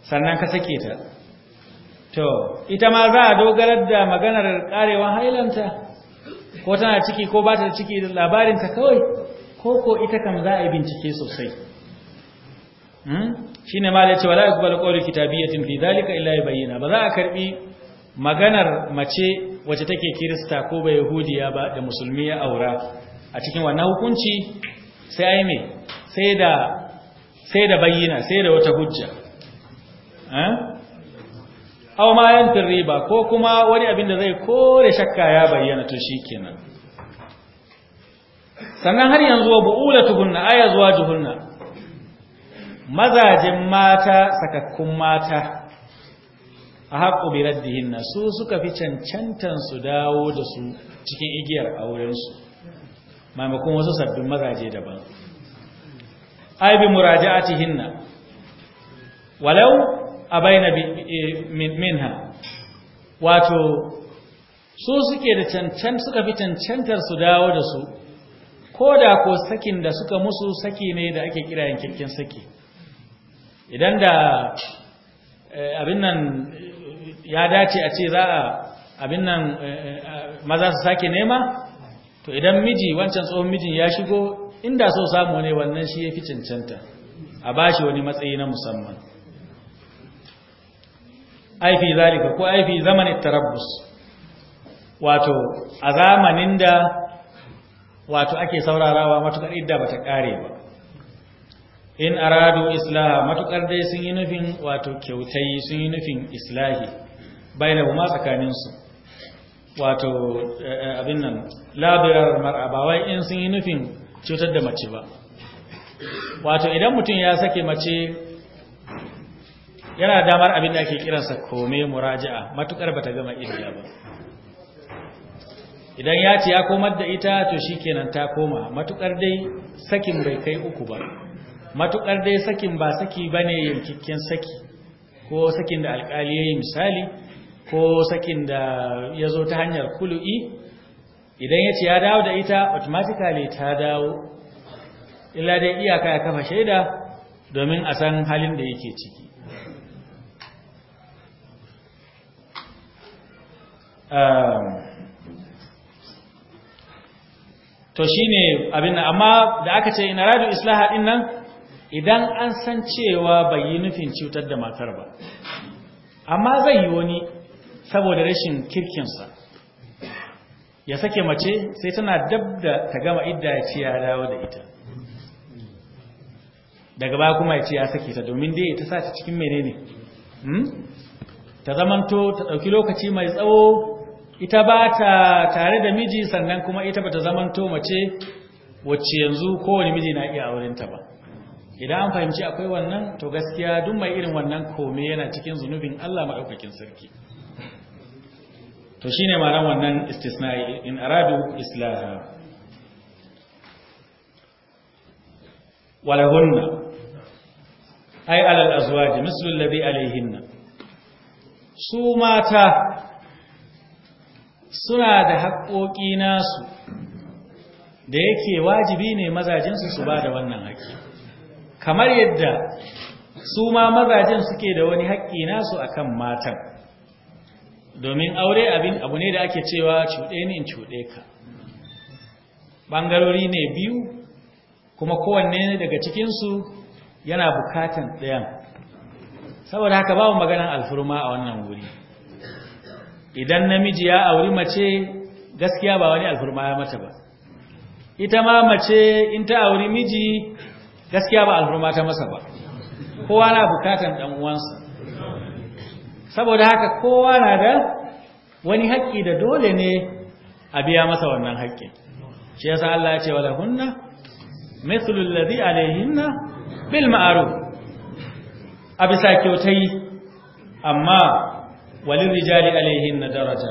sannan ka sake ta to ita ma za a dogarar da maganar karewan hailanta ko tana ciki ko ba ta ciki da labarinta kawai ko ko ita kam za a yi bincike sosai Hmm? shine malai cewa wala yakbal qawli kitabiyatin fi zalika illa bayyana ba za a karbi maganar mace wacce take kirista ko ba yahudiya ba da musulmi ya aura a cikin wannan hukunci sai ai me sai da sai da bayyana sai da wata hujja eh? aw ma yantar riba ko kuma wani abin da zai kore shakka ya bayyana to kenan? sannan har yanzu wa bu'ulatuhunna aya zuwa juhunna mazajin mata sakakkun mata a haƙo biraddihin na su suka fi cancantan su dawo da su cikin igiyar aurensu maimakon wasu sabbin mazaje daban aibi muraja'atihin na walau a baina minha wato su suke da cancan suka fi cancantar su dawo da su ko da ko sakin da suka musu saki ne da ake kirayen kirkin saki idan da eh, abin nan ya dace a ce za a abin nan eh, eh, maza su sake nema to idan miji wancan tsohon mijin ya shigo inda so samu ne wannan shi ya fi cancanta a bashi wani matsayi na musamman aifi zalika ko aifi zamanin tarabbus wato a zamanin da wato ake saurarawa matukar idda bata ƙare ba in aradu islaha matukar dai sun yi nufin wato kyautai sun yi nufin islahi bai da kuma tsakaninsu wato eh, eh, abin nan labirar mar'abawai in sun yi nufin cutar da mace ba wato idan mutum ya sake mace yana damar abin da ake kiransa kome muraja'a matukar bata gama iriya ba idan ya ce ya komar da ita to shikenan ta koma matukar dai sakin bai kai uku ba matukar dai sakin ba saki ba ne yankakken saki ko sakin da alkali yi misali ko sakin da ya zo ta hanyar kulu'i idan ya ce ya dawo da ita automatically ta dawo illa dai iyaka ya kafa shaida domin a san halin da yake ciki um, to shine abin amma da aka ce ina radu islaha din nan idan an san cewa bai yi nufin cutar da matar ba amma zai yi wani saboda rashin kirkinsa ya sake mace sai tana dab da ta gama idda ya ce ya dawo da ita daga ba kuma ya ce ya sake ta domin dai ta sa ta cikin menene hmm? ta zamanto ta ɗauki lokaci mai tsawo ita ba ta tare da miji sannan kuma ita ba ta zamanto mace wacce yanzu kowane miji na iya aurenta ba idan an fahimci akwai wannan to gaskiya duk mai irin wannan kome yana cikin zunubin Allah maɗaukakin sarki to shine maran wannan istisna'i in aradu islaha walahunna ay alal azwaj mislu alladhi alayhinna su mata suna da haƙoƙi nasu da yake wajibi ne mazajensu su ba da wannan haƙƙi. kamar yadda su ma mazajen suke da wani haƙƙi nasu akan matan domin aure abin abu ne da ake cewa cuɗe ne in cuɗe ka ɓangarori ne biyu kuma kowanne daga cikinsu yana bukatan ɗayan saboda haka babu maganan alfurma a wannan wuri idan namiji ya auri mace gaskiya ba wani alfurma ya mata ba ita ma mace in ta auri miji gaskiya ba alhurma ta masa ba kowa na bukatan dan uwansa saboda haka kowa na da wani haƙƙi da dole ne a biya masa wannan haƙƙin shi yasa Allah ya ce wala hunna mithlu alladhi alayhinna bil ma'ruf a sa kyautai amma walin rijali alayhinna daraja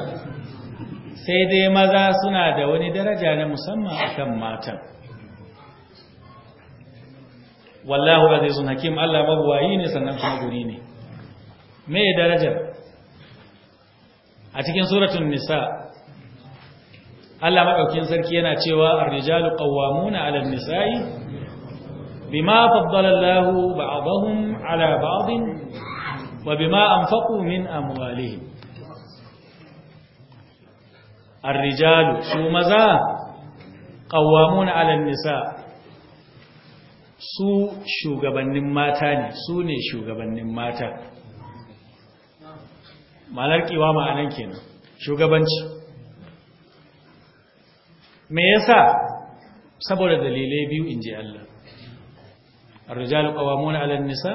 sai dai maza suna da wani daraja na musamman akan matan wallahu azizun hakim Allah mabuwayi ne sannan kuma guri ne me darajar a cikin suratul nisa Allah madaukin sarki yana cewa ar-rijalu qawwamuna 'ala an-nisa'i bima faddala Allahu ba'dahum 'ala ba'din wa bima anfaqu min amwalihim ar-rijalu su maza qawwamuna 'ala an-nisa' su shugabannin mata ne su ne shugabannin mata malar kiwa ma'anan kenan shugabanci me yasa saboda dalilai biyu in ji Allah الرجال قوامون على nisa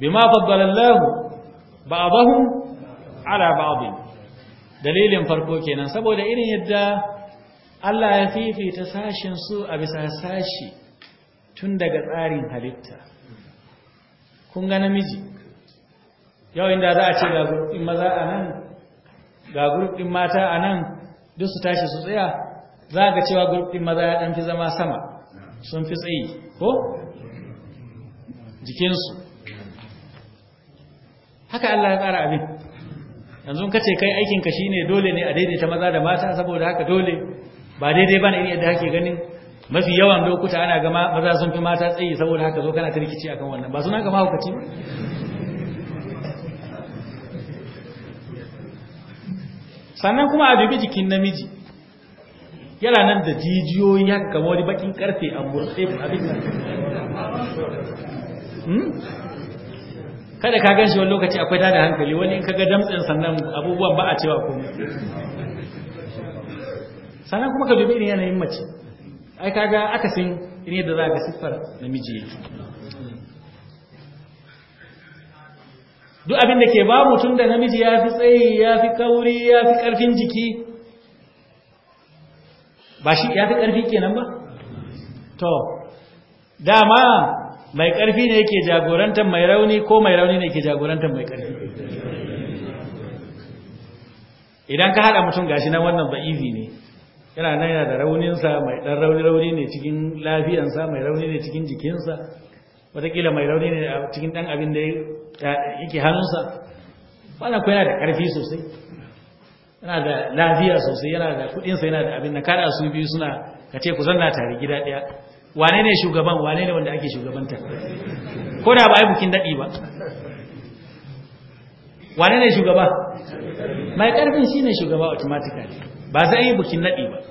bima faddala Allah بعضهم ala ba'd dalilin farko kenan saboda irin yadda Allah ya fifita sashin su a bisa sashi tun daga tsarin halitta kun ga namiji yau inda za a ce ga gurbin maza a nan ga gurbin mata a nan duk su tashi su tsaya za ga cewa gurbin maza ya ɗan fi zama sama sun fi tsayi ko jikinsu haka Allah ya tsara abin yanzu ka ce kai aikinka shi ne dole ne a daidaita maza da mata saboda haka dole ba daidai ba ne yadda ake ganin mafi yawan lokuta ana ga maza sun fi mata tsaye saboda haka zo kana ta rikici akan wannan ba suna ga mahaukaci ba sannan kuma a dubi jikin namiji yana nan da jijiyoyi haka kamar wani bakin karfe a murtse abin nan hmm? kada ka ganshi wani lokaci akwai tada hankali wani in kaga damtsin sannan abubuwan ba a cewa komai sannan kuma ka dubi irin yanayin mace ai kaga akasin ne da za ga siffar namiji yake duk abin da ke ba mutum da namiji ya fi tsayi ya fi kauri ya fi ƙarfin jiki ba shi ya fi ƙarfi kenan ba to dama mai ƙarfi ne yake jagorantar mai rauni ko mai rauni ne yake jagorantar mai ƙarfi idan ka haɗa mutum gashi na wannan ba'izi ne yana nan yana da rauninsa mai ɗan rauni-rauni ne cikin lafiyansa mai rauni ne cikin jikinsa watakila mai rauni ne cikin ɗan abin da yake hannunsa wannan kuwa yana da ƙarfi sosai yana da lafiya sosai yana da kuɗinsa yana da abin na kada su biyu suna ka ce ku zanna tare gida ɗaya wane ne shugaban wane ne wanda ake shugabanta ko da ba a yi bukin daɗi ba wane ne shugaba mai ƙarfin shi ne shugaba automatically ba zai yi bukin naɗi ba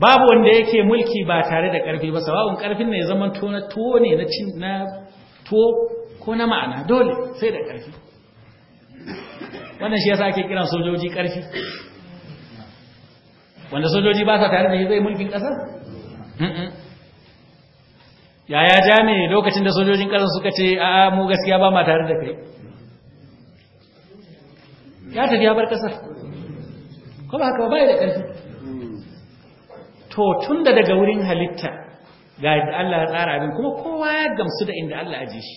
babu wanda yake mulki ba tare da ƙarfi ba sawa'un ƙarfin ne zaman to na to ne na cin na to ko na ma'ana dole sai da ƙarfi wannan shi yasa ake kiran sojoji ƙarfi wanda sojoji ba sa tare da shi zai mulkin ƙasar yaya jami lokacin da sojojin ƙasar suka ce a mu gaskiya ba ma tare da kai ya tafi ya bar ƙasar ko ba haka ba ya da ƙarfi to tun da daga wurin halitta ga yadda Allah ya tsara abin kuma kowa ya gamsu da inda Allah aji shi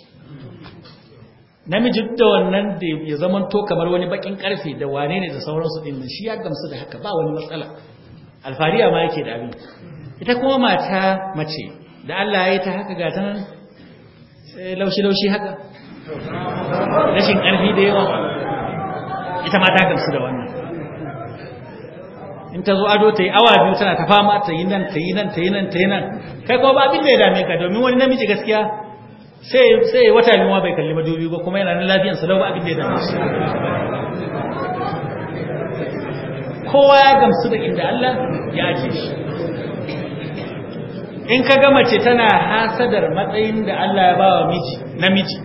namiji da wannan da ya to kamar wani bakin karfe da wane ne da sauransu din nan shi ya gamsu da haka ba wani matsala alfariya ma yake da abin ita kuma mata mace da Allah ya yi ta haka ga tanan laushi laushi haka rashin karfi da yawa ita ma ta gamsu da wannan in ta zo ado ta yi awa biyu tana ta fama ta yi nan ta yi nan ta yi nan ta yi nan kai kuma ba abin da ya dame ka domin wani namiji gaskiya sai sai wata biyu bai kalli madubi ba kuma yana nan lafiyan sa ba abin da ya dame shi kowa ya gamsu da inda Allah ya aje shi in ka ga mace tana hasadar matsayin da Allah ya bawa miji namiji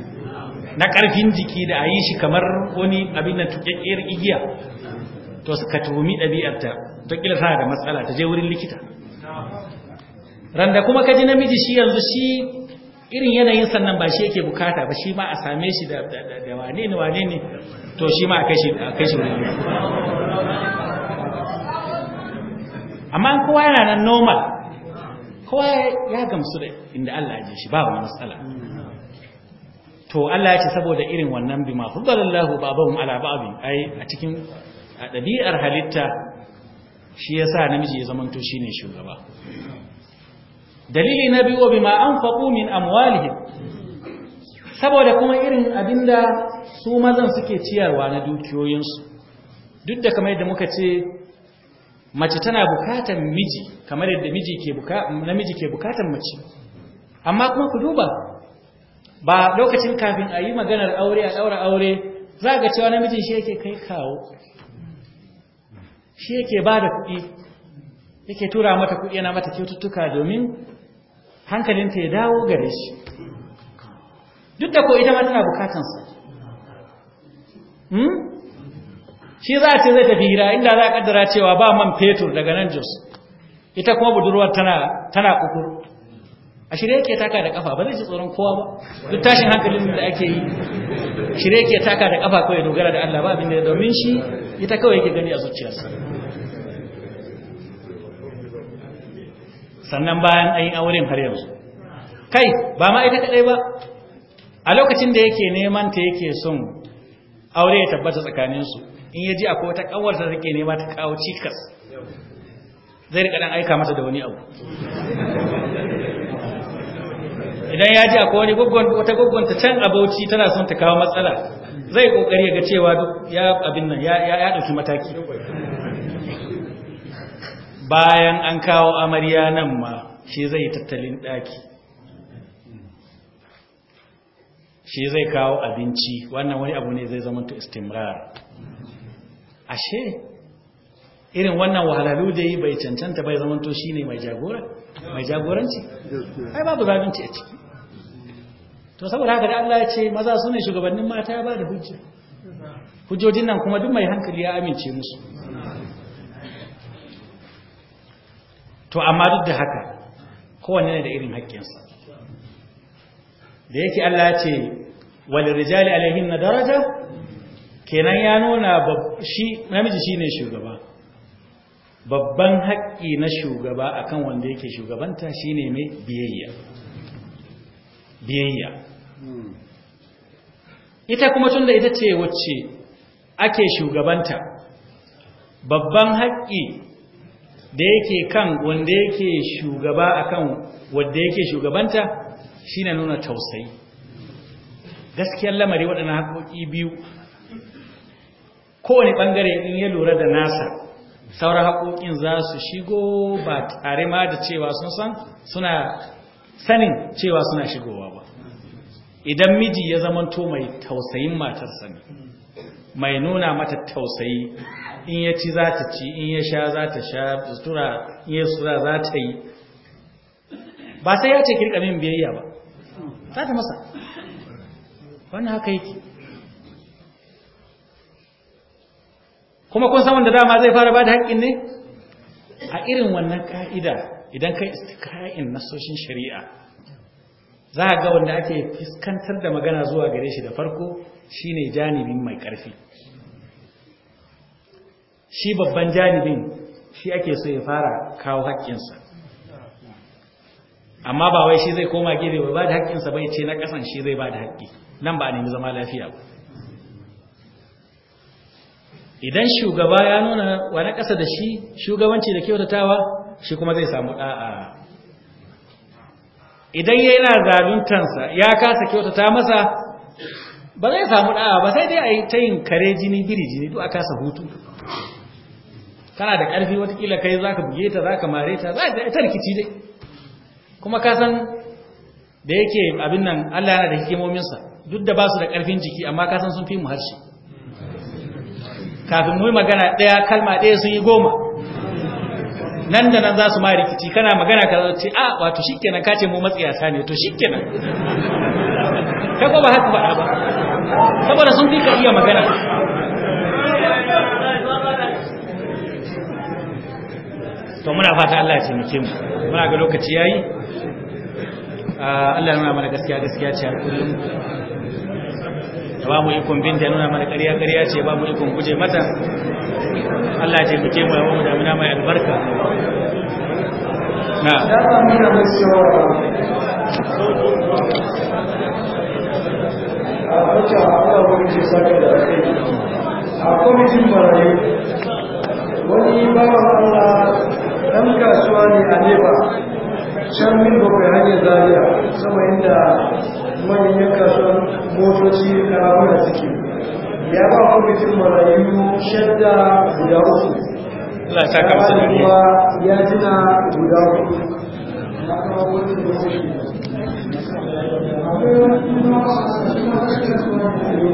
na karfin jiki da a yi shi kamar wani abin da tuƙeƙƙiyar igiya to ka tuhumi ɗabi'arta wataƙila tana da matsala ta je wurin likita randa kuma kaji namiji shi yanzu shi irin yanayin sannan ba shi yake bukata ba shi ma a same shi da wane ne wane ne to shi ma a kai shi wurin amma kowa yana nan normal kowa ya gamsu da inda Allah ya shi ba wani matsala to Allah ya ce saboda irin wannan ma, faddalallahu babahum ala ba'dhin ai a cikin ɗabi'ar halitta shi ya sa namiji ya zamanto ne shugaba dalili na biyu bima anfaqu min amwalihim saboda kuma irin abinda su mazan suke ciyarwa na dukiyoyinsu duk da kamar yadda muka ce mace tana bukatan miji kamar yadda miji ke bukatan namiji ke bukatan mace amma kuma ku duba ba lokacin kafin a yi maganar aure a daura aure za ga cewa namijin shi yake kai kawo shi yake ba da kuɗi yake tura mata kuɗi yana mata kyaututtuka domin hankalinta ya dawo gare shi duk da ko ita ma tana bukatansa hmm? shi za a ce zai tafi hira inda za a kaddara cewa ba man fetur daga nan jos ita kuma budurwar tana kukur a shirya yake taka da kafa ba zai ci tsoron kowa ba duk tashin hankalin da ake yi shirya yake taka da kafa kawai dogara da Allah ba abin da domin shi ita kawai yake gani a zuciyarsa sannan bayan ayin yi auren har yanzu kai ba ma ita kadai ba a lokacin da yake neman ta yake son aure ya tabbata tsakaninsu in ya yaji akwai wata kawarsa da take nema ta kawo cikas zai rika ɗan aika mata da wani abu idan ya ji akwai wani wata guggon ta can abauci tana son ta kawo matsala zai kokari ya ga cewa duk ya abin nan ya ya mataki bayan an kawo amarya nan ma shi zai tattalin ɗaki. shi zai kawo abinci wannan wani abu ne zai zama to istimrar ashe irin wannan wahalalu da yi bai cancanta bai to shi ne mai jagoranci ai babu zabinci a ciki to saboda haka da Allah ya ce maza su ne shugabannin mata ya ba da hujja hujjojin nan kuma duk mai hankali ya amince musu to amma duk da haka kowanne ne da irin haƙƙinsa da yake Allah ya ce rijali alaihin na daraja kenan ya nuna shi namiji shi ne shugaba babban haƙƙi na shugaba a kan wanda yake shugabanta shine mai biyayya biyayya ita kuma tun da ita ce wacce ake shugabanta babban haƙƙi da yake kan wanda yake shugaba a kan wanda yake shugabanta shi shine nuna tausayi gaskiyar lamari waɗannan haƙoƙi biyu kowane ɓangare in ya lura da nasa sauran haƙoƙin za su shigo ba tare ma da cewa sun san suna sanin cewa suna shigowa ba idan miji ya zamanto mai tausayin matar sani, mai nuna mata tausayi in ya ci za ta ci in ya sha za ta sha sutura in ya sura za ta yi ba sai ya ce kirkamin biyayya ba za ta masa wannan haka yake kuma kun san wanda dama zai fara bada haƙƙin ne a irin wannan ka'ida idan kai istikra'in nasoshin shari'a za a ga wanda ake fuskantar da magana zuwa gare shi da farko shine janibin mai ƙarfi shi babban janibin shi ake so ya fara kawo haƙƙinsa amma ba wai shi zai koma gefe ba ba da haƙƙinsa bai ce na ƙasan shi zai ba da haƙƙi nan ba a nemi zama lafiya ba idan shugaba ya nuna wani ƙasa da shi shugabanci da kyautatawa shi kuma zai samu ɗa'a idan yana zabintansa ya kasa kyautata masa ba zai samu ɗa'a ba sai dai a yi ta yin kare jini biri jini duk a kasa hutu kana da ƙarfi watakila kai za ka buge ta za ka mare ta za ta rikici dai kuma ka san da yake abin nan allah yana da hikimominsa duk da ba su da ƙarfin jiki amma ka san sun fi mu harshe kafin mu magana ɗaya, kalma ɗaya sun yi goma nan da nan za su ma rikici kana magana ka ce a wato shikenan ka ce mu matsiyasa ne to shikenan ka ko ba haka faɗa ba saboda sun fi ka iya magana to muna fata Allah ya taimake mu muna ga lokaci yayi ah, Allah ya nuna mana gaskiya gaskiya ce a kullum ba mu ikon binta nuna mana ƙarya ƙarya ce ba mu ikon guje mata Allah ce muke mu yawa mu damuna mai albarka na a kwamitin marayu wani bawan Allah ɗan kasuwa ne a neba can min bakwai hanyar zariya sama inda manyan yan kasuwan motoci karamu da suke ya ba kwamitin marayu shadda guda uku kuma ya jina guda uku Thank you.